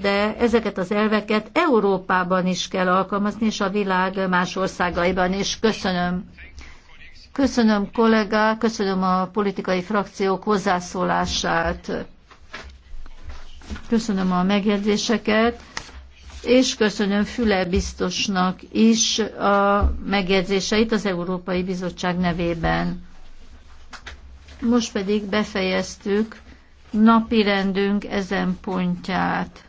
de ezeket az elveket Európában is kell alkalmazni, és a világ más országaiban is. Köszönöm. Köszönöm kollega, köszönöm a politikai frakciók hozzászólását. Köszönöm a megjegyzéseket, és köszönöm Füle biztosnak is a megjegyzéseit az Európai Bizottság nevében. Most pedig befejeztük napi rendünk ezen pontját.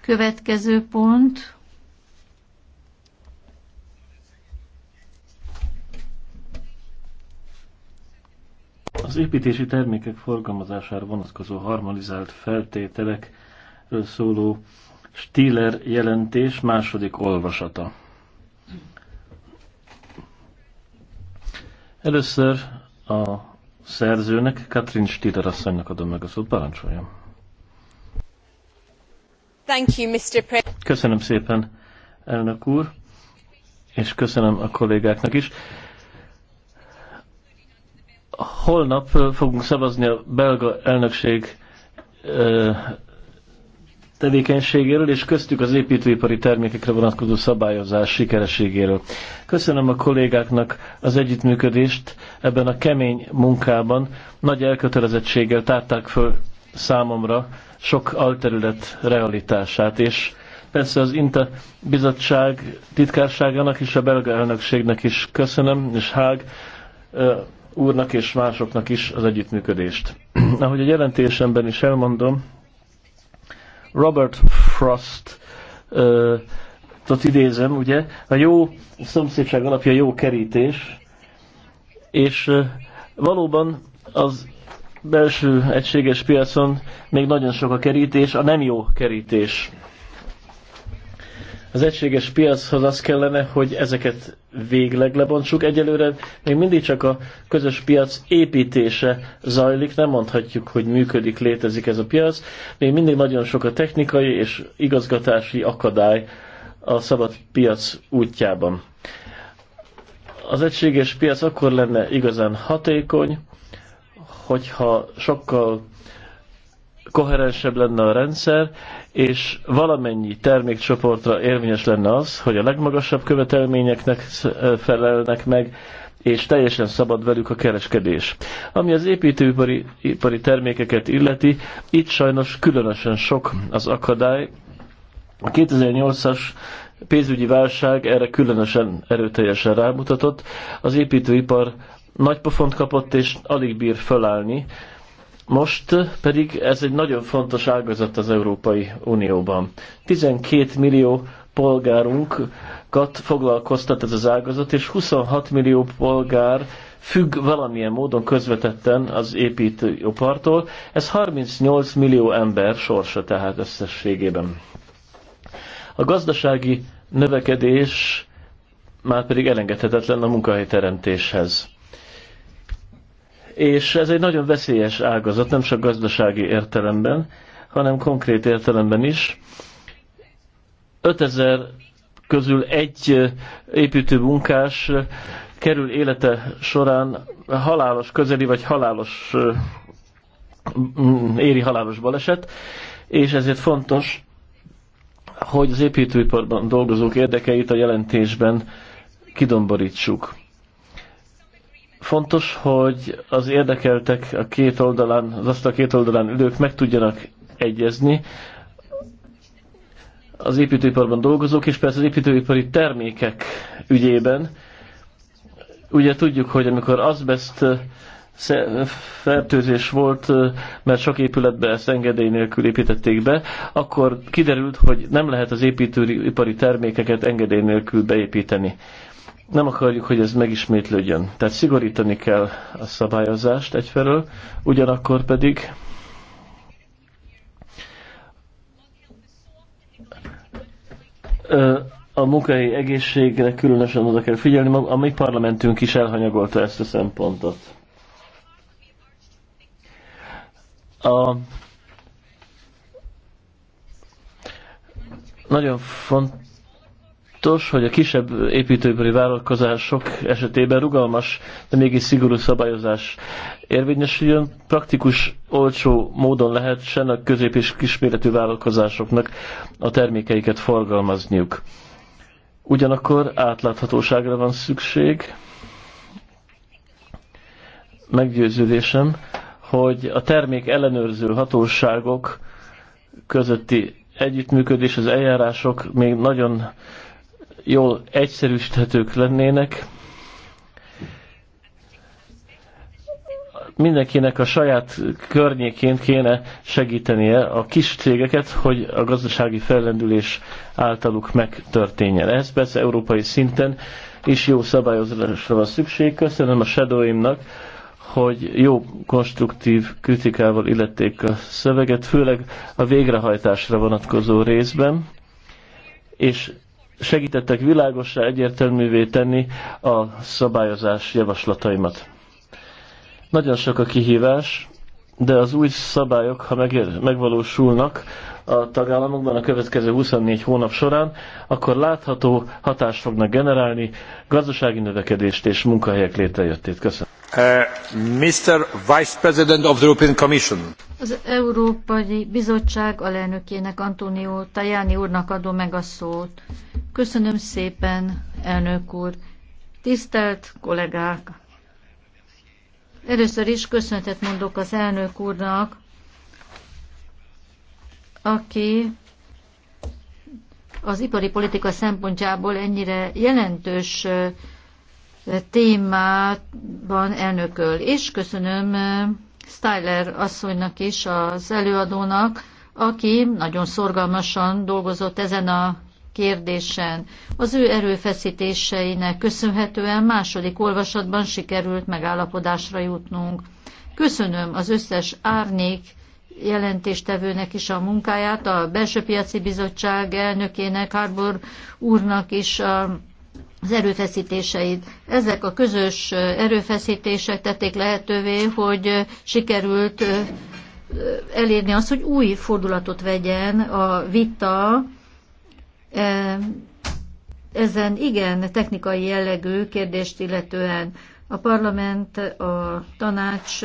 Következő pont. Az építési termékek forgalmazására vonatkozó harmonizált feltételekről szóló Stiller jelentés második olvasata. Először a szerzőnek, Katrin Stiller asszonynak adom meg a szót, parancsoljam. Thank you, Mr. Pre- köszönöm szépen, elnök úr, és köszönöm a kollégáknak is. Holnap fogunk szavazni a belga elnökség tevékenységéről, és köztük az építőipari termékekre vonatkozó szabályozás sikerességéről. Köszönöm a kollégáknak az együttműködést ebben a kemény munkában. Nagy elkötelezettséggel tárták föl számomra sok alterület realitását, és persze az INTA bizottság titkárságának és a belga elnökségnek is köszönöm, és Hág úrnak és másoknak is az együttműködést. Ahogy a jelentésemben is elmondom, Robert Frost uh, ott idézem, ugye, a jó szomszédság alapja jó kerítés, és valóban az belső egységes piacon még nagyon sok a kerítés, a nem jó kerítés az egységes piachoz az kellene, hogy ezeket végleg lebontsuk. Egyelőre még mindig csak a közös piac építése zajlik, nem mondhatjuk, hogy működik, létezik ez a piac. Még mindig nagyon sok a technikai és igazgatási akadály a szabad piac útjában. Az egységes piac akkor lenne igazán hatékony, hogyha sokkal koherensebb lenne a rendszer, és valamennyi termékcsoportra érvényes lenne az, hogy a legmagasabb követelményeknek felelnek meg, és teljesen szabad velük a kereskedés. Ami az építőipari ipari termékeket illeti, itt sajnos különösen sok az akadály. A 2008-as pénzügyi válság erre különösen erőteljesen rámutatott. Az építőipar nagy pofont kapott, és alig bír fölállni most pedig ez egy nagyon fontos ágazat az Európai Unióban. 12 millió polgárunkat foglalkoztat ez az ágazat, és 26 millió polgár függ valamilyen módon közvetetten az építőpartól. Ez 38 millió ember sorsa tehát összességében. A gazdasági növekedés már pedig elengedhetetlen a munkahelyteremtéshez és ez egy nagyon veszélyes ágazat, nem csak gazdasági értelemben, hanem konkrét értelemben is. 5000 közül egy építő munkás kerül élete során halálos közeli vagy halálos éri halálos baleset, és ezért fontos, hogy az építőiparban dolgozók érdekeit a jelentésben kidomborítsuk. Fontos, hogy az érdekeltek a két oldalán, az azt a két oldalán ülők meg tudjanak egyezni, az építőiparban dolgozók, és persze az építőipari termékek ügyében. Ugye tudjuk, hogy amikor azbest fertőzés volt, mert sok épületbe ezt engedély nélkül építették be, akkor kiderült, hogy nem lehet az építőipari termékeket engedély nélkül beépíteni nem akarjuk, hogy ez megismétlődjön. Tehát szigorítani kell a szabályozást egyfelől, ugyanakkor pedig a munkai egészségre különösen oda kell figyelni, a mi parlamentünk is elhanyagolta ezt a szempontot. A nagyon fontos fontos, hogy a kisebb építőipari vállalkozások esetében rugalmas, de mégis szigorú szabályozás érvényesüljön. Praktikus, olcsó módon lehessen a közép- és kisméretű vállalkozásoknak a termékeiket forgalmazniuk. Ugyanakkor átláthatóságra van szükség. Meggyőződésem, hogy a termék ellenőrző hatóságok közötti együttműködés, az eljárások még nagyon jól egyszerűsíthetők lennének. Mindenkinek a saját környékén kéne segítenie a kis cégeket, hogy a gazdasági fellendülés általuk megtörténjen. Ez persze európai szinten is jó szabályozásra van szükség. Köszönöm a shadowimnak, hogy jó konstruktív kritikával illették a szöveget, főleg a végrehajtásra vonatkozó részben, és segítettek világosra, egyértelművé tenni a szabályozás javaslataimat. Nagyon sok a kihívás, de az új szabályok, ha meg, megvalósulnak a tagállamokban a következő 24 hónap során, akkor látható hatást fognak generálni gazdasági növekedést és munkahelyek létrejöttét. Köszönöm. Uh, Mr. Vice President of the European Commission. Az Európai Bizottság alelnökének Antonio Tajani úrnak adom meg a szót. Köszönöm szépen, elnök úr. Tisztelt kollégák! Először is köszöntet mondok az elnök úrnak, aki az ipari politika szempontjából ennyire jelentős témában elnököl. És köszönöm Styler asszonynak is, az előadónak, aki nagyon szorgalmasan dolgozott ezen a kérdésen. Az ő erőfeszítéseinek köszönhetően második olvasatban sikerült megállapodásra jutnunk. Köszönöm az összes árnék jelentéstevőnek is a munkáját, a Belső Piaci Bizottság elnökének, Harbor úrnak is a az erőfeszítéseid. Ezek a közös erőfeszítések tették lehetővé, hogy sikerült elérni azt, hogy új fordulatot vegyen a vita ezen igen technikai jellegű kérdést illetően a parlament, a tanács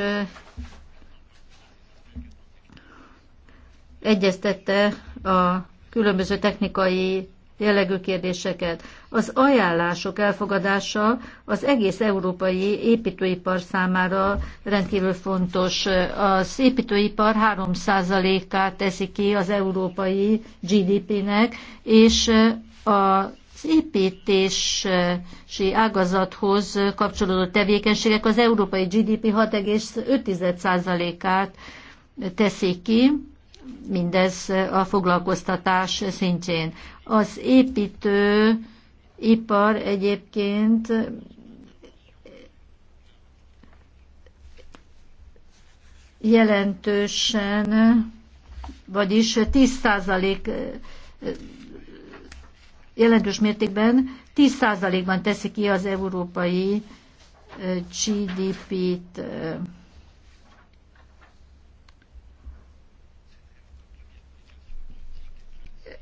egyeztette a különböző technikai jellegű kérdéseket. Az ajánlások elfogadása az egész európai építőipar számára rendkívül fontos. Az építőipar 3%-át teszi ki az európai GDP-nek, és a az építési ágazathoz kapcsolódó tevékenységek az európai GDP 6,5%-át teszik ki, mindez a foglalkoztatás szintjén. Az építő ipar egyébként jelentősen, vagyis 10% jelentős mértékben 10%-ban teszi ki az európai GDP-t.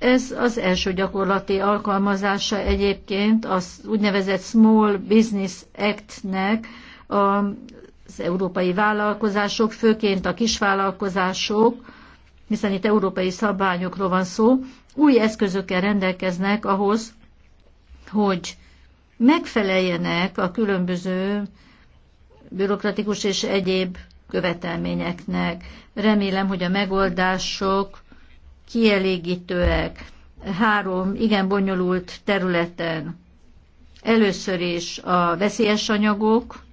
Ez az első gyakorlati alkalmazása egyébként az úgynevezett Small Business Act-nek az európai vállalkozások, főként a kisvállalkozások, hiszen itt európai szabványokról van szó, új eszközökkel rendelkeznek ahhoz, hogy megfeleljenek a különböző bürokratikus és egyéb követelményeknek. Remélem, hogy a megoldások kielégítőek három igen bonyolult területen. Először is a veszélyes anyagok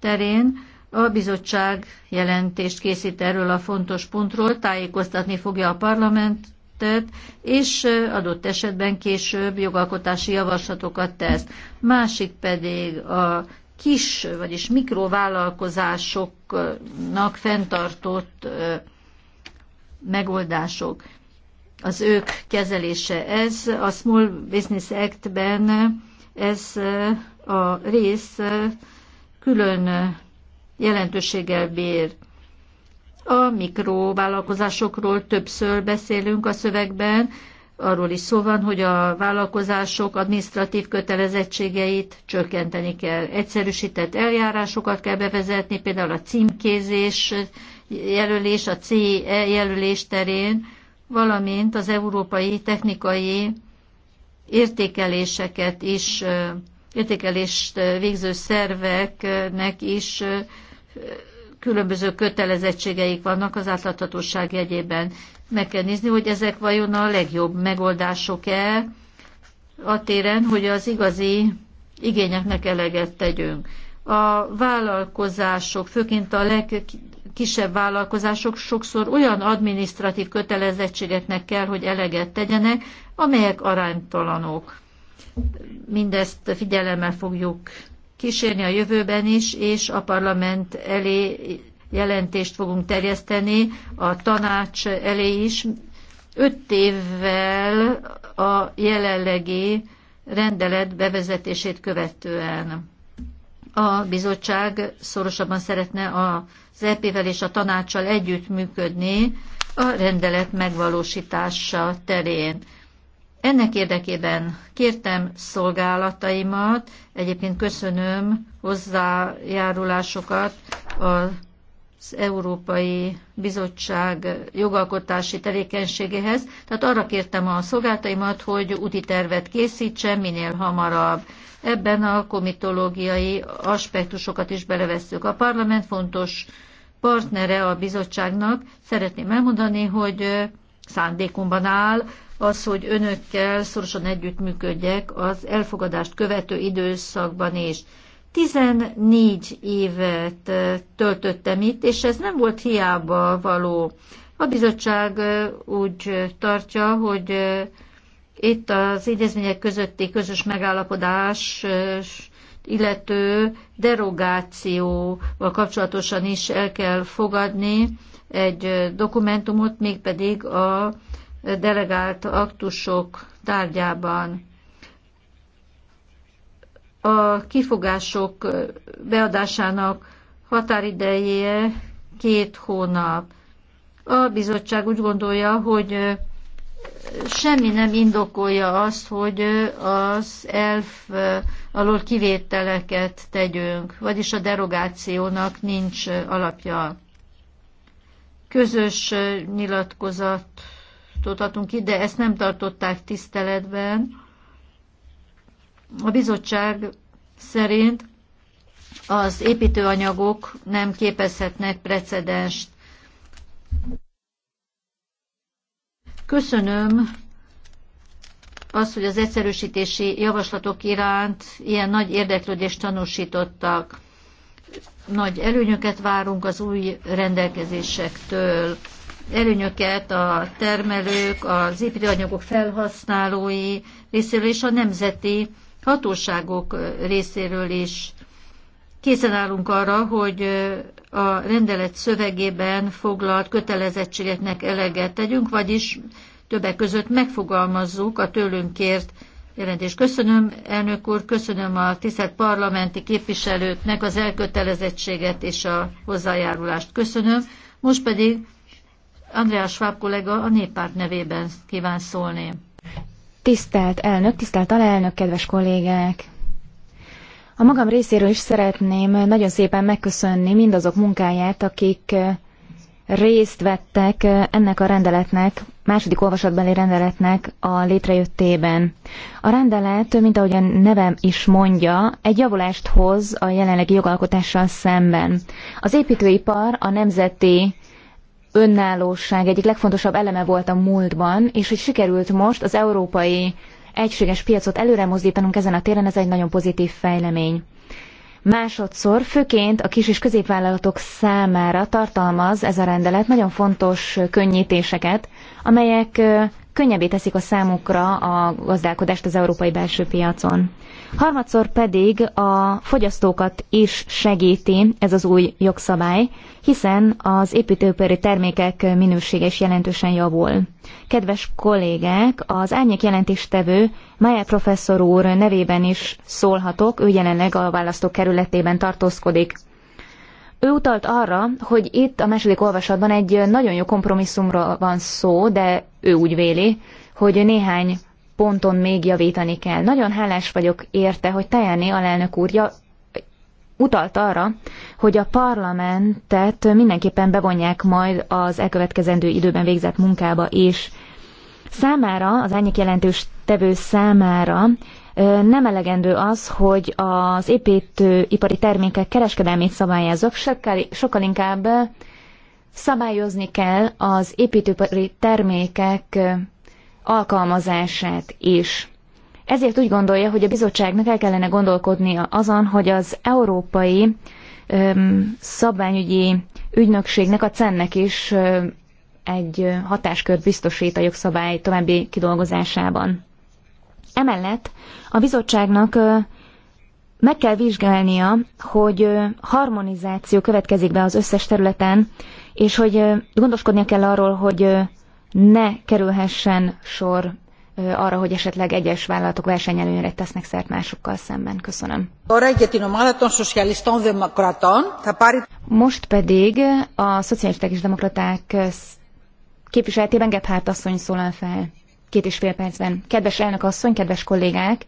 terén a bizottság jelentést készít erről a fontos pontról, tájékoztatni fogja a parlamentet, és adott esetben később jogalkotási javaslatokat tesz. Másik pedig a kis, vagyis mikrovállalkozásoknak fenntartott megoldások az ők kezelése. Ez a Small Business Act-ben ez eh, a rész eh, külön eh, jelentőséggel bír. A mikrovállalkozásokról többször beszélünk a szövegben, arról is szó van, hogy a vállalkozások administratív kötelezettségeit csökkenteni kell. Egyszerűsített eljárásokat kell bevezetni, például a címkézés jelölés, a CE jelölés terén, valamint az európai technikai értékeléseket is, értékelést végző szerveknek is különböző kötelezettségeik vannak az átláthatóság jegyében. Meg kell nézni, hogy ezek vajon a legjobb megoldások-e a téren, hogy az igazi igényeknek eleget tegyünk. A vállalkozások, főként a leg kisebb vállalkozások sokszor olyan adminisztratív kötelezettségeknek kell, hogy eleget tegyenek, amelyek aránytalanok. Mindezt figyelemmel fogjuk kísérni a jövőben is, és a parlament elé jelentést fogunk terjeszteni, a tanács elé is. Öt évvel a jelenlegi rendelet bevezetését követően a bizottság szorosabban szeretne az EP-vel és a tanácssal együttműködni a rendelet megvalósítása terén. Ennek érdekében kértem szolgálataimat, egyébként köszönöm hozzájárulásokat az Európai Bizottság jogalkotási tevékenységéhez. Tehát arra kértem a szolgálataimat, hogy úti tervet készítsen minél hamarabb ebben a komitológiai aspektusokat is belevesszük. A parlament fontos partnere a bizottságnak. Szeretném elmondani, hogy szándékomban áll az, hogy önökkel szorosan együttműködjek az elfogadást követő időszakban is. 14 évet töltöttem itt, és ez nem volt hiába való. A bizottság úgy tartja, hogy itt az intézmények közötti közös megállapodás illető derogációval kapcsolatosan is el kell fogadni egy dokumentumot, mégpedig a delegált aktusok tárgyában. A kifogások beadásának határideje két hónap. A bizottság úgy gondolja, hogy semmi nem indokolja azt, hogy az elf alól kivételeket tegyünk, vagyis a derogációnak nincs alapja. Közös nyilatkozatot adtunk ki, de ezt nem tartották tiszteletben. A bizottság szerint az építőanyagok nem képezhetnek precedenst Köszönöm az, hogy az egyszerűsítési javaslatok iránt ilyen nagy érdeklődést tanúsítottak. Nagy előnyöket várunk az új rendelkezésektől. Előnyöket a termelők, az építőanyagok felhasználói részéről és a nemzeti hatóságok részéről is. Készen állunk arra, hogy a rendelet szövegében foglalt kötelezettségeknek eleget tegyünk, vagyis többek között megfogalmazzuk a tőlünk kért jelentés. Köszönöm, elnök úr, köszönöm a tisztelt parlamenti képviselőknek az elkötelezettséget és a hozzájárulást. Köszönöm. Most pedig András Schwab kollega a néppárt nevében kíván szólni. Tisztelt elnök, tisztelt alelnök, kedves kollégák! A magam részéről is szeretném nagyon szépen megköszönni mindazok munkáját, akik eh, részt vettek eh, ennek a rendeletnek, második olvasatbeli rendeletnek a létrejöttében. A rendelet, mint ahogy a nevem is mondja, egy javulást hoz a jelenlegi jogalkotással szemben. Az építőipar a nemzeti önállóság egyik legfontosabb eleme volt a múltban, és hogy sikerült most az európai egységes piacot előre mozdítanunk ezen a téren, ez egy nagyon pozitív fejlemény. Másodszor, főként a kis és középvállalatok számára tartalmaz ez a rendelet nagyon fontos könnyítéseket, amelyek könnyebbé teszik a számukra a gazdálkodást az európai belső piacon. Harmadszor pedig a fogyasztókat is segíti ez az új jogszabály, hiszen az építőipari termékek minősége is jelentősen javul. Kedves kollégák, az árnyék jelentéstevő Mája professzor úr nevében is szólhatok, ő jelenleg a választókerületében tartózkodik. Ő utalt arra, hogy itt a második olvasatban egy nagyon jó kompromisszumra van szó, de ő úgy véli, hogy néhány ponton még javítani kell. Nagyon hálás vagyok érte, hogy Tajani alelnök úr ja, utalt arra, hogy a parlamentet mindenképpen bevonják majd az elkövetkezendő időben végzett munkába, és számára, az ennyi jelentős tevő számára nem elegendő az, hogy az építőipari termékek kereskedelmét szabályozzuk, sokkal, sokkal inkább szabályozni kell az építőipari termékek alkalmazását is. Ezért úgy gondolja, hogy a bizottságnak el kellene gondolkodnia azon, hogy az európai öm, szabványügyi ügynökségnek, a CEN-nek is öm, egy hatáskört biztosít a jogszabály további kidolgozásában. Emellett a bizottságnak meg kell vizsgálnia, hogy harmonizáció következik be az összes területen, és hogy gondoskodnia kell arról, hogy ne kerülhessen sor arra, hogy esetleg egyes vállalatok versenyelőnyre tesznek szert másokkal szemben. Köszönöm. Most pedig a szocialisták és demokraták képviseletében Gebhardt asszony szólal fel két és fél percben. Kedves elnök asszony, kedves kollégák,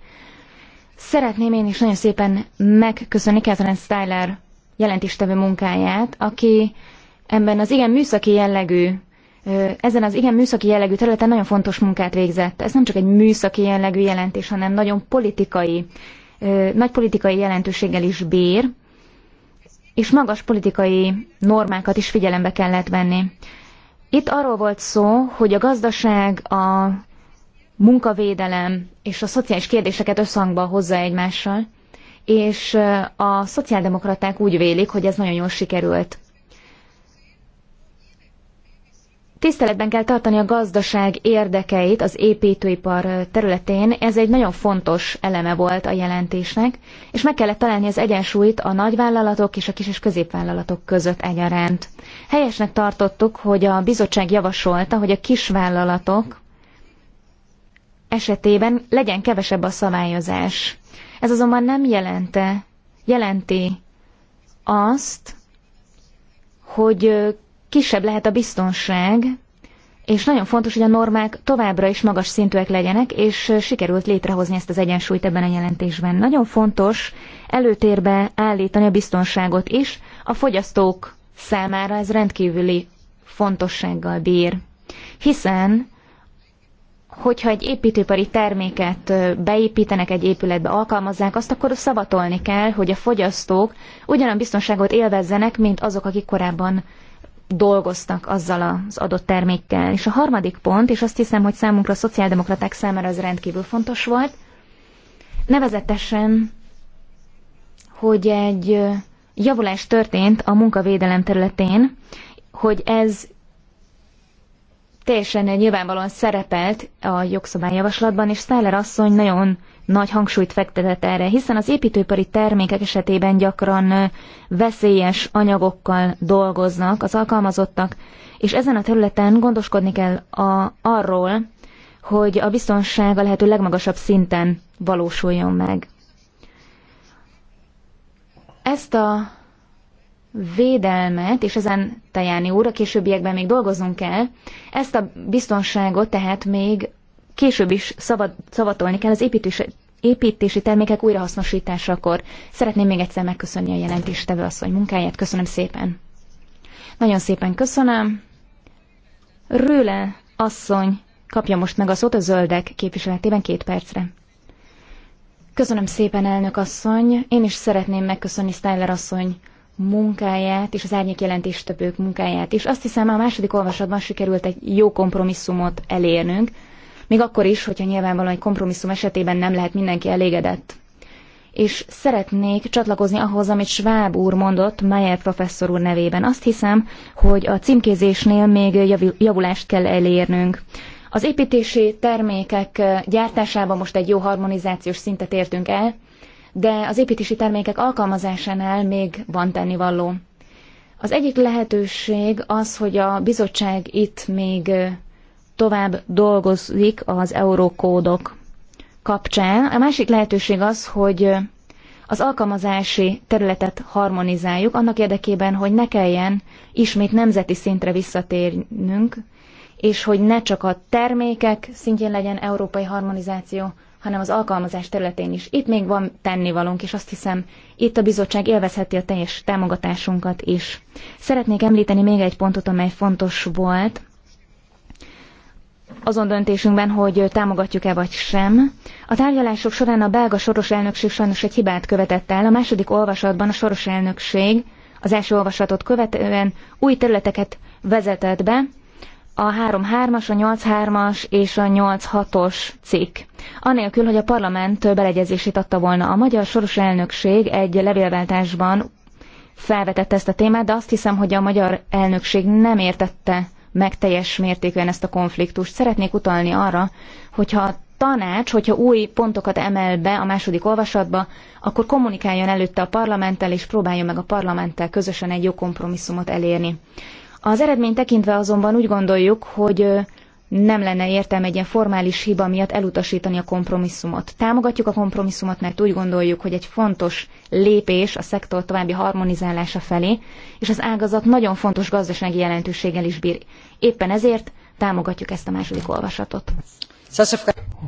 szeretném én is nagyon szépen megköszönni Catherine Styler jelentéstevő munkáját, aki ebben az igen műszaki jellegű ezen az igen műszaki jellegű területen nagyon fontos munkát végzett. Ez nem csak egy műszaki jellegű jelentés, hanem nagyon politikai, nagy politikai jelentőséggel is bír, és magas politikai normákat is figyelembe kellett venni. Itt arról volt szó, hogy a gazdaság, a munkavédelem és a szociális kérdéseket összhangba hozza egymással, és a szociáldemokraták úgy vélik, hogy ez nagyon jól sikerült. Tiszteletben kell tartani a gazdaság érdekeit az építőipar területén, ez egy nagyon fontos eleme volt a jelentésnek, és meg kellett találni az egyensúlyt a nagyvállalatok és a kis- és középvállalatok között egyaránt. Helyesnek tartottuk, hogy a bizottság javasolta, hogy a kisvállalatok esetében legyen kevesebb a szabályozás. Ez azonban nem jelente, jelenti azt, hogy kisebb lehet a biztonság, és nagyon fontos, hogy a normák továbbra is magas szintűek legyenek, és sikerült létrehozni ezt az egyensúlyt ebben a jelentésben. Nagyon fontos előtérbe állítani a biztonságot is, a fogyasztók számára ez rendkívüli fontossággal bír. Hiszen hogyha egy építőipari terméket beépítenek egy épületbe, alkalmazzák azt, akkor szavatolni kell, hogy a fogyasztók ugyanolyan biztonságot élvezzenek, mint azok, akik korábban dolgoztak azzal az adott termékkel. És a harmadik pont, és azt hiszem, hogy számunkra a szociáldemokraták számára az rendkívül fontos volt, nevezetesen, hogy egy javulás történt a munkavédelem területén, hogy ez teljesen nyilvánvalóan szerepelt a jogszabályjavaslatban, és Szeller asszony nagyon nagy hangsúlyt fektetett erre, hiszen az építőipari termékek esetében gyakran veszélyes anyagokkal dolgoznak az alkalmazottak, és ezen a területen gondoskodni kell a, arról, hogy a biztonság a lehető legmagasabb szinten valósuljon meg. Ezt a védelmet, és ezen Tajáni úr a későbbiekben még dolgozunk kell, ezt a biztonságot tehát még később is szabad, szavatolni kell az építési, építési termékek újrahasznosításakor. Szeretném még egyszer megköszönni a jelentéstevő asszony munkáját. Köszönöm szépen. Nagyon szépen köszönöm. Rőle asszony kapja most meg a szót a zöldek képviseletében két percre. Köszönöm szépen, elnök asszony. Én is szeretném megköszönni Styler asszony munkáját és az árnyék jelentéstevők munkáját is. Azt hiszem, a második olvasatban sikerült egy jó kompromisszumot elérnünk, még akkor is, hogyha nyilvánvalóan egy kompromisszum esetében nem lehet mindenki elégedett. És szeretnék csatlakozni ahhoz, amit Schwab úr mondott Mayer professzor úr nevében. Azt hiszem, hogy a címkézésnél még javulást kell elérnünk. Az építési termékek gyártásában most egy jó harmonizációs szintet értünk el, de az építési termékek alkalmazásánál még van tennivaló. Az egyik lehetőség az, hogy a bizottság itt még tovább dolgozik az eurókódok kapcsán. A másik lehetőség az, hogy az alkalmazási területet harmonizáljuk, annak érdekében, hogy ne kelljen ismét nemzeti szintre visszatérnünk, és hogy ne csak a termékek szintjén legyen európai harmonizáció, hanem az alkalmazás területén is. Itt még van tennivalónk, és azt hiszem, itt a bizottság élvezheti a teljes támogatásunkat is. Szeretnék említeni még egy pontot, amely fontos volt azon döntésünkben, hogy támogatjuk-e vagy sem. A tárgyalások során a belga soros elnökség sajnos egy hibát követett el. A második olvasatban a soros elnökség az első olvasatot követően új területeket vezetett be, a 3-3-as, a 8-3-as és a 8-6-os cikk. Anélkül, hogy a parlament beleegyezését adta volna. A magyar soros elnökség egy levélváltásban felvetette ezt a témát, de azt hiszem, hogy a magyar elnökség nem értette meg teljes mértékűen ezt a konfliktust. Szeretnék utalni arra, hogyha a tanács, hogyha új pontokat emel be a második olvasatba, akkor kommunikáljon előtte a parlamenttel, és próbáljon meg a parlamenttel közösen egy jó kompromisszumot elérni. Az eredmény tekintve azonban úgy gondoljuk, hogy nem lenne értelme egy ilyen formális hiba miatt elutasítani a kompromisszumot. Támogatjuk a kompromisszumot, mert úgy gondoljuk, hogy egy fontos lépés a szektor további harmonizálása felé, és az ágazat nagyon fontos gazdasági jelentőséggel is bír. Éppen ezért támogatjuk ezt a második olvasatot.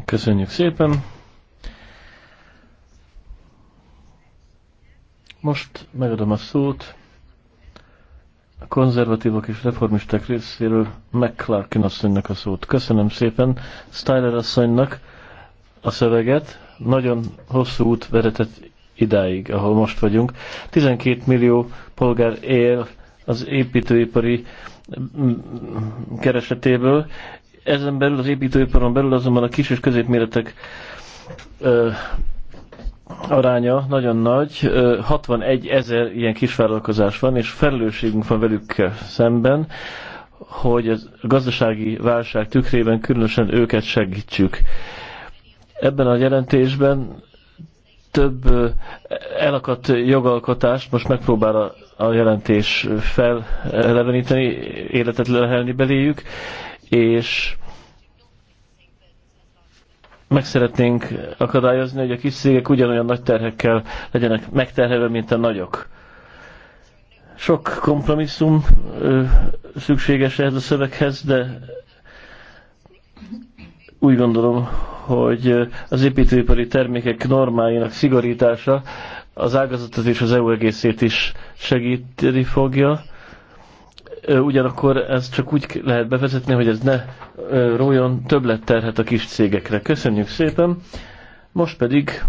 Köszönjük szépen! Most megadom a szót konzervatívok és reformisták részéről McClarkin asszonynak a szót. Köszönöm szépen Styler asszonynak a szöveget. Nagyon hosszú út veretett idáig, ahol most vagyunk. 12 millió polgár él az építőipari mm, keresetéből. Ezen belül, az építőiparon belül azonban a kis és középméretek aránya nagyon nagy, 61 ezer ilyen kisvállalkozás van, és felelősségünk van velük szemben, hogy a gazdasági válság tükrében különösen őket segítsük. Ebben a jelentésben több elakadt jogalkotást most megpróbál a, a jelentés feleleveníteni, életet lehelni beléjük, és meg szeretnénk akadályozni, hogy a kis cégek ugyanolyan nagy terhekkel legyenek megterhelve, mint a nagyok. Sok kompromisszum ö, szükséges ehhez a szöveghez, de úgy gondolom, hogy az építőipari termékek normáinak szigorítása az ágazatot és az EU egészét is segíteni fogja ugyanakkor ez csak úgy lehet bevezetni, hogy ez ne rójon terhet a kis cégekre. Köszönjük szépen! Most pedig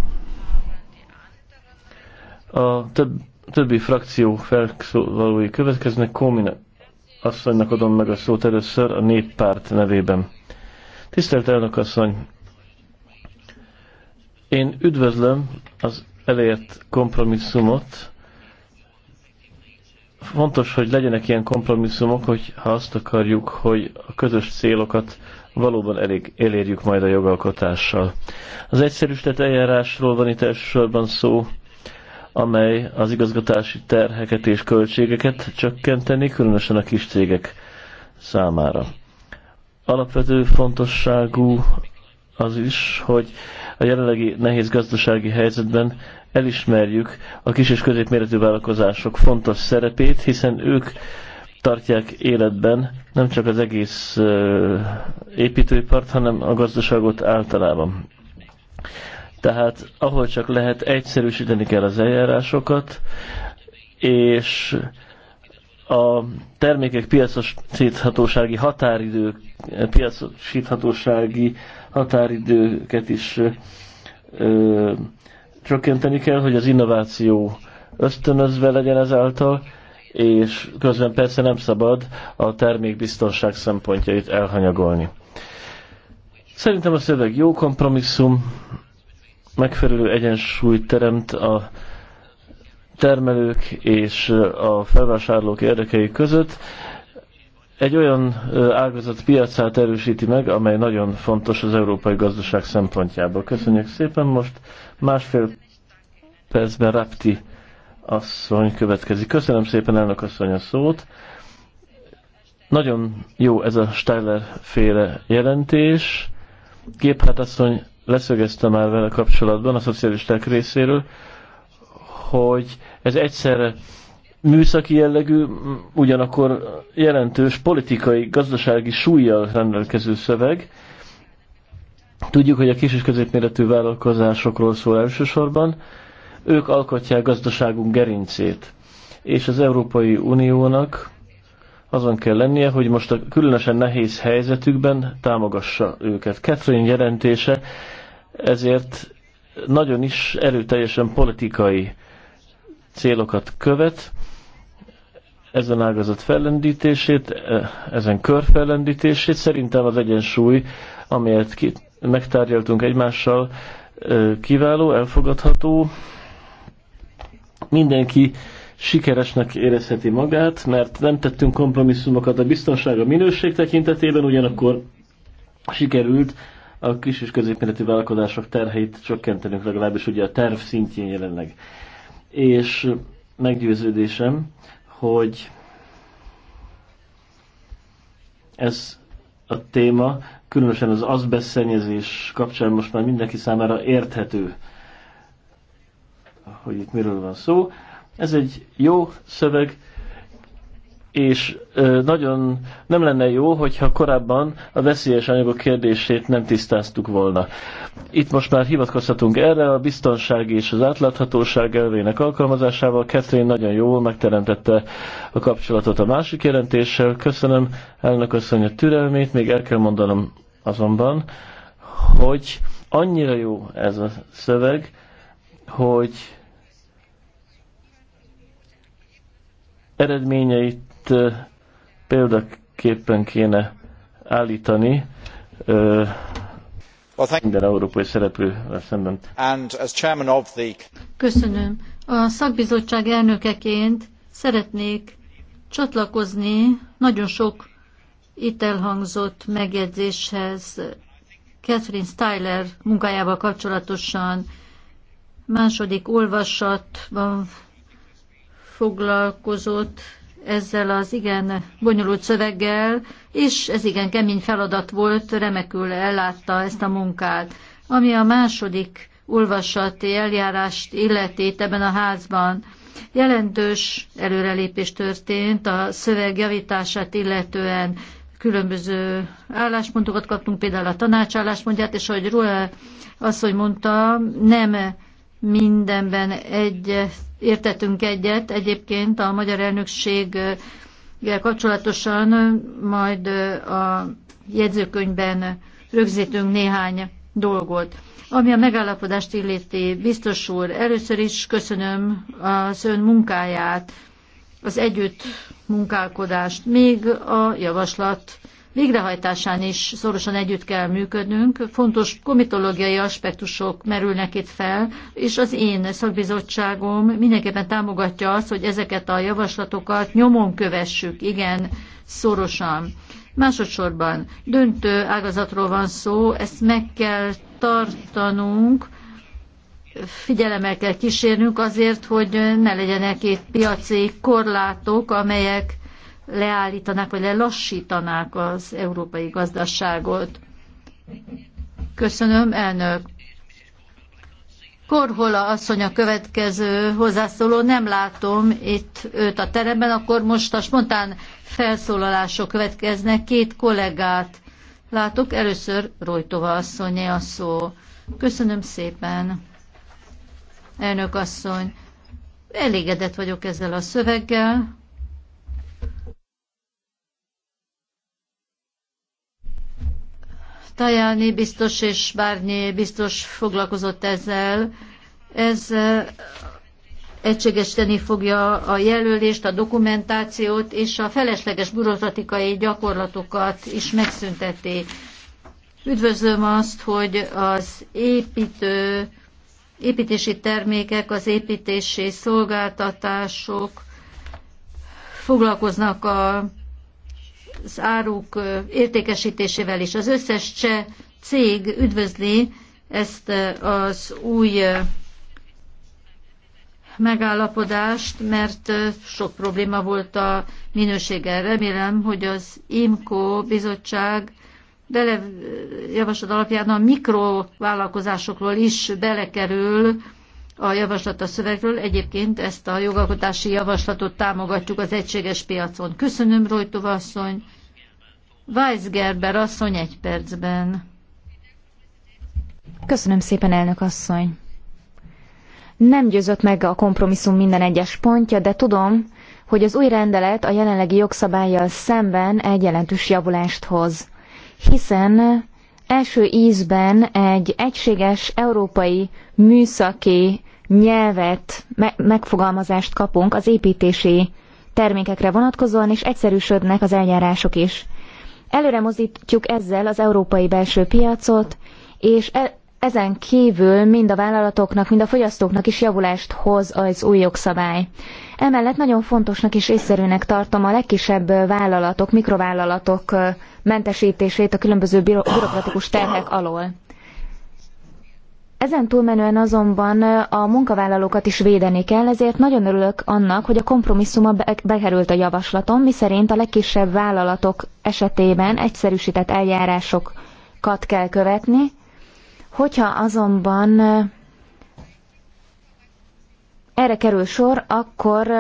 a több, többi frakció felszólalói következnek. Kómin asszonynak adom meg a szót először a néppárt nevében. Tisztelt elnök asszony! Én üdvözlöm az elért kompromisszumot, fontos, hogy legyenek ilyen kompromisszumok, hogy ha azt akarjuk, hogy a közös célokat valóban elég elérjük majd a jogalkotással. Az egyszerűsített eljárásról van itt elsősorban szó, amely az igazgatási terheket és költségeket csökkenteni, különösen a kis cégek számára. Alapvető fontosságú az is, hogy a jelenlegi nehéz gazdasági helyzetben elismerjük a kis és középméretű vállalkozások fontos szerepét, hiszen ők tartják életben nem csak az egész építőipart, hanem a gazdaságot általában. Tehát ahol csak lehet, egyszerűsíteni kell az eljárásokat, és a termékek piacosíthatósági határidő, piacosíthatósági határidőket is ö, csökkenteni kell, hogy az innováció ösztönözve legyen ezáltal, és közben persze nem szabad a termékbiztonság szempontjait elhanyagolni. Szerintem a szöveg jó kompromisszum, megfelelő egyensúlyt teremt a termelők és a felvásárlók érdekei között, egy olyan ágazat piacát erősíti meg, amely nagyon fontos az európai gazdaság szempontjából. Köszönjük szépen, most másfél percben Rapti asszony következik. Köszönöm szépen elnök asszony a szót. Nagyon jó ez a Steiler féle jelentés. Géphát asszony leszögezte már vele kapcsolatban a szocialisták részéről, hogy ez egyszerre műszaki jellegű, ugyanakkor jelentős politikai, gazdasági súlyjal rendelkező szöveg. Tudjuk, hogy a kis és középméretű vállalkozásokról szól elsősorban. Ők alkotják gazdaságunk gerincét, és az Európai Uniónak azon kell lennie, hogy most a különösen nehéz helyzetükben támogassa őket. Catherine jelentése ezért nagyon is erőteljesen politikai célokat követ, ezen ágazat fellendítését, e, ezen kör fellendítését. Szerintem az egyensúly, amelyet ki, megtárgyaltunk egymással, e, kiváló, elfogadható. Mindenki sikeresnek érezheti magát, mert nem tettünk kompromisszumokat a biztonság a minőség tekintetében, ugyanakkor sikerült a kis és középméretű vállalkozások terheit csökkentenünk legalábbis ugye a terv szintjén jelenleg. És meggyőződésem, hogy ez a téma, különösen az azbeszennyezés kapcsán most már mindenki számára érthető, hogy itt miről van szó. Ez egy jó szöveg, és nagyon nem lenne jó, hogyha korábban a veszélyes anyagok kérdését nem tisztáztuk volna. Itt most már hivatkozhatunk erre, a biztonság és az átláthatóság elvének alkalmazásával Catherine nagyon jól megteremtette a kapcsolatot a másik jelentéssel. Köszönöm elnök asszony a türelmét, még el kell mondanom azonban, hogy annyira jó ez a szöveg, hogy eredményeit példaképpen kéne állítani minden európai szereplővel szemben. Köszönöm. A szakbizottság elnökeként szeretnék csatlakozni nagyon sok itt elhangzott megjegyzéshez Catherine Styler munkájával kapcsolatosan második olvasatban foglalkozott ezzel az igen bonyolult szöveggel, és ez igen kemény feladat volt, remekül ellátta ezt a munkát. Ami a második olvasati eljárást illeti ebben a házban, jelentős előrelépés történt a szöveg javítását illetően, különböző álláspontokat kaptunk, például a tanács álláspontját, és ahogy Rue hogy mondta, nem mindenben egy, értetünk egyet. Egyébként a magyar elnökség kapcsolatosan majd a jegyzőkönyvben rögzítünk néhány dolgot. Ami a megállapodást illeti, biztos úr, először is köszönöm az ön munkáját, az együtt munkálkodást, még a javaslat végrehajtásán is szorosan együtt kell működnünk. Fontos komitológiai aspektusok merülnek itt fel, és az én szakbizottságom mindenképpen támogatja azt, hogy ezeket a javaslatokat nyomon kövessük, igen, szorosan. Másodszorban döntő ágazatról van szó, ezt meg kell tartanunk, figyelemmel kell kísérnünk azért, hogy ne legyenek itt piaci korlátok, amelyek leállítanák, vagy lelassítanák az európai gazdaságot. Köszönöm, elnök. Korhola asszony a következő hozzászóló, nem látom itt őt a teremben, akkor most a spontán felszólalások következnek. Két kollégát látok, először Rojtova asszonyé a szó. Köszönöm szépen, elnök asszony. Elégedett vagyok ezzel a szöveggel. Tajani biztos és Bárnyi biztos foglalkozott ezzel. Ez egységesíteni fogja a jelölést, a dokumentációt és a felesleges bürokratikai gyakorlatokat is megszünteti. Üdvözlöm azt, hogy az építő, építési termékek, az építési szolgáltatások foglalkoznak a az áruk értékesítésével is. Az összes cseh cég üdvözli ezt az új megállapodást, mert sok probléma volt a minőséggel. Remélem, hogy az IMCO bizottság belejavaslat alapján a mikrovállalkozásokról is belekerül a javaslat a szövegről. Egyébként ezt a jogalkotási javaslatot támogatjuk az egységes piacon. Köszönöm, Rojtov asszony. Gerber asszony egy percben. Köszönöm szépen, elnök asszony. Nem győzött meg a kompromisszum minden egyes pontja, de tudom, hogy az új rendelet a jelenlegi jogszabályjal szemben egy jelentős javulást hoz, hiszen első ízben egy egységes európai műszaki nyelvet, me- megfogalmazást kapunk az építési termékekre vonatkozóan, és egyszerűsödnek az eljárások is. Előre mozdítjuk ezzel az európai belső piacot, és e ezen kívül mind a vállalatoknak, mind a fogyasztóknak is javulást hoz az új jogszabály. Emellett nagyon fontosnak és észszerűnek tartom a legkisebb vállalatok, mikrovállalatok mentesítését a különböző bürokratikus terhek alól. Ezen túlmenően azonban a munkavállalókat is védeni kell, ezért nagyon örülök annak, hogy a kompromisszuma bekerült a javaslatom, miszerint a legkisebb vállalatok esetében egyszerűsített eljárásokat kell követni, hogyha azonban erre kerül sor, akkor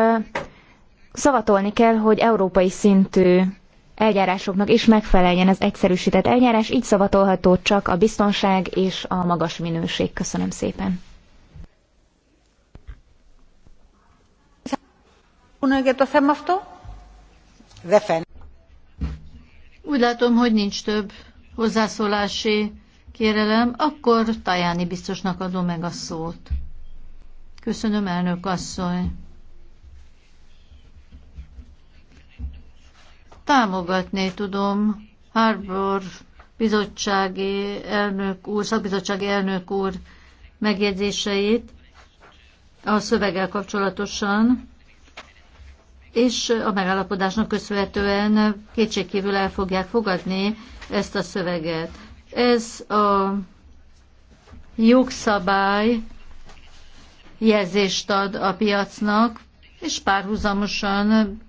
szavatolni kell, hogy európai szintű eljárásoknak is megfeleljen az egyszerűsített eljárás, így szavatolható csak a biztonság és a magas minőség. Köszönöm szépen. Úgy látom, hogy nincs több hozzászólási kérelem, akkor Tajáni biztosnak adom meg a szót. Köszönöm, elnök asszony. támogatni tudom harbor bizottsági elnök úr, szakbizottsági elnök úr megjegyzéseit a szöveggel kapcsolatosan, és a megállapodásnak köszönhetően kétségkívül el fogják fogadni ezt a szöveget. Ez a jogszabály jelzést ad a piacnak, és párhuzamosan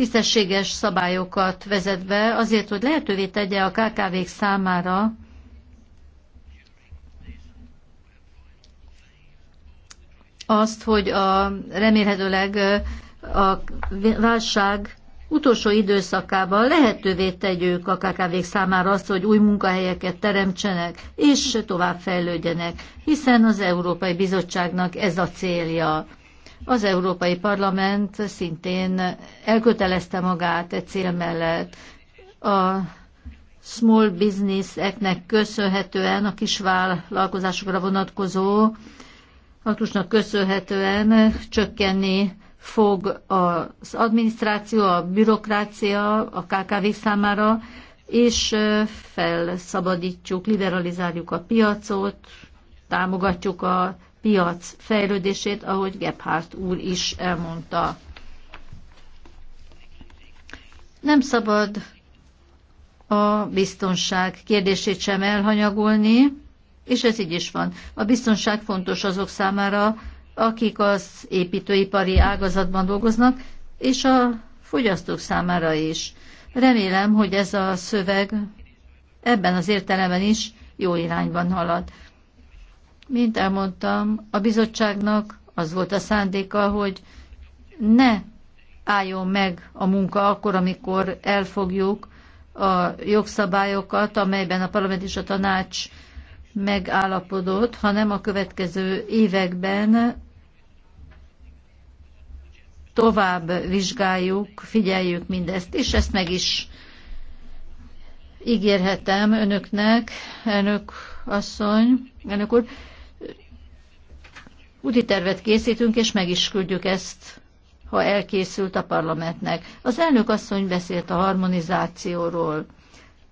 tisztességes szabályokat vezet be azért, hogy lehetővé tegye a KKV-k számára, azt, hogy a, remélhetőleg a válság utolsó időszakában lehetővé tegyük a kkv számára azt, hogy új munkahelyeket teremtsenek és tovább fejlődjenek, hiszen az Európai Bizottságnak ez a célja. Az Európai Parlament szintén elkötelezte magát egy cél mellett. A Small Business act köszönhetően a kisvállalkozásokra vonatkozó aktusnak köszönhetően csökkenni fog az adminisztráció, a bürokrácia a KKV számára, és felszabadítjuk, liberalizáljuk a piacot, támogatjuk a piac fejlődését, ahogy Gebhardt úr is elmondta. Nem szabad a biztonság kérdését sem elhanyagolni, és ez így is van. A biztonság fontos azok számára, akik az építőipari ágazatban dolgoznak, és a fogyasztók számára is. Remélem, hogy ez a szöveg ebben az értelemben is jó irányban halad. Mint elmondtam, a bizottságnak az volt a szándéka, hogy ne álljon meg a munka akkor, amikor elfogjuk a jogszabályokat, amelyben a parlament és a tanács megállapodott, hanem a következő években tovább vizsgáljuk, figyeljük mindezt, és ezt meg is ígérhetem önöknek, elnök asszony, elnök úr, Úti tervet készítünk, és meg is küldjük ezt, ha elkészült a parlamentnek. Az elnök asszony beszélt a harmonizációról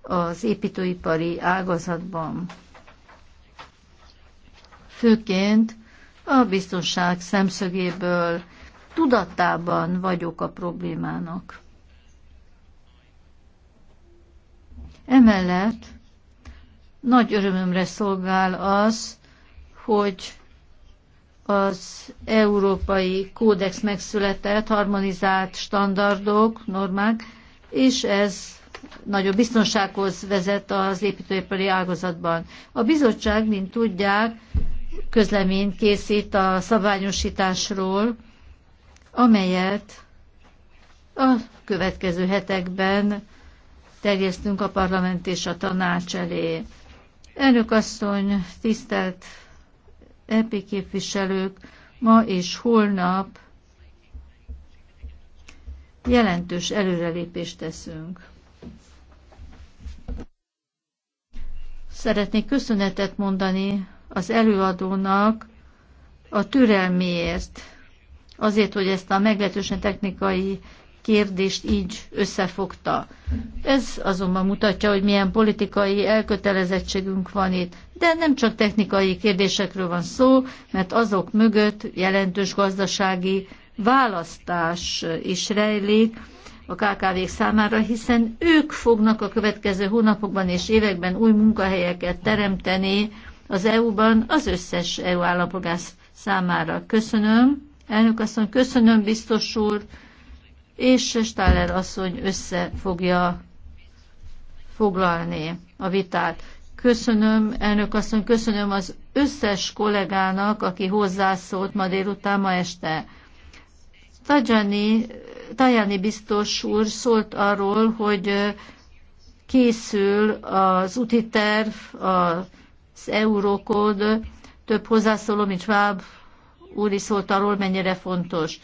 az építőipari ágazatban. Főként a biztonság szemszögéből tudatában vagyok a problémának. Emellett nagy örömömre szolgál az, hogy az európai kódex megszületett, harmonizált standardok, normák, és ez nagyobb biztonsághoz vezet az építőipari ágazatban. A bizottság, mint tudják, közleményt készít a szabványosításról, amelyet a következő hetekben terjesztünk a parlament és a tanács elé. Elnök asszony, tisztelt EP képviselők ma és holnap jelentős előrelépést teszünk. Szeretnék köszönetet mondani az előadónak a türelméért, azért, hogy ezt a meglehetősen technikai kérdést így összefogta. Ez azonban mutatja, hogy milyen politikai elkötelezettségünk van itt. De nem csak technikai kérdésekről van szó, mert azok mögött jelentős gazdasági választás is rejlik a KKV-k számára, hiszen ők fognak a következő hónapokban és években új munkahelyeket teremteni az EU-ban az összes EU állampolgár számára. Köszönöm. Elnök asszony, köszönöm, biztos úr és Stáler asszony össze fogja foglalni a vitát. Köszönöm, elnök asszony, köszönöm az összes kollégának, aki hozzászólt ma délután, ma este. Tajani, Tajani biztos úr szólt arról, hogy készül az úti terv, az eurókód, több hozzászóló, mint Schwab úr is szólt arról, mennyire fontos.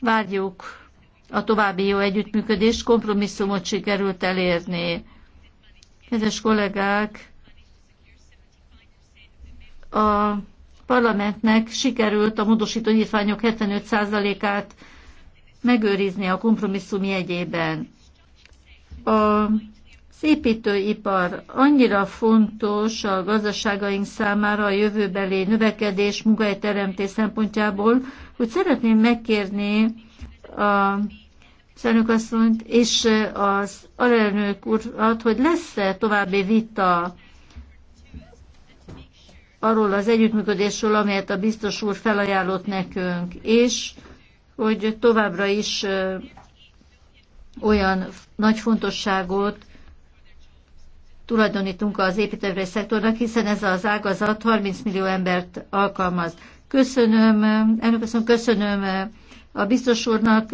Várjuk a további jó együttműködés, kompromisszumot sikerült elérni. Kedves kollégák, a parlamentnek sikerült a módosító nyitványok 75%-át megőrizni a kompromisszum jegyében. A szépítőipar annyira fontos a gazdaságaink számára a jövőbeli növekedés, munkahelyteremtés szempontjából, hogy szeretném megkérni a elnökasszonyt és az alelnök urat, hogy lesz-e további vita arról az együttműködésről, amelyet a biztos úr felajánlott nekünk, és hogy továbbra is olyan nagy fontosságot tulajdonítunk az építőre szektornak, hiszen ez az ágazat 30 millió embert alkalmaz. Köszönöm, elnök köszönöm a biztos úrnak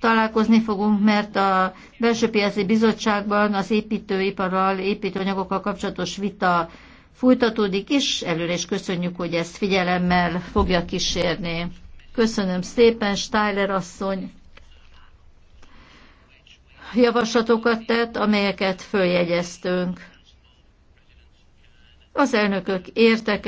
találkozni fogunk, mert a belső piaci bizottságban az építőiparral, építőanyagokkal kapcsolatos vita folytatódik, és előre is köszönjük, hogy ezt figyelemmel fogja kísérni. Köszönöm szépen, Steiler asszony javaslatokat tett, amelyeket följegyeztünk. Az elnökök érteket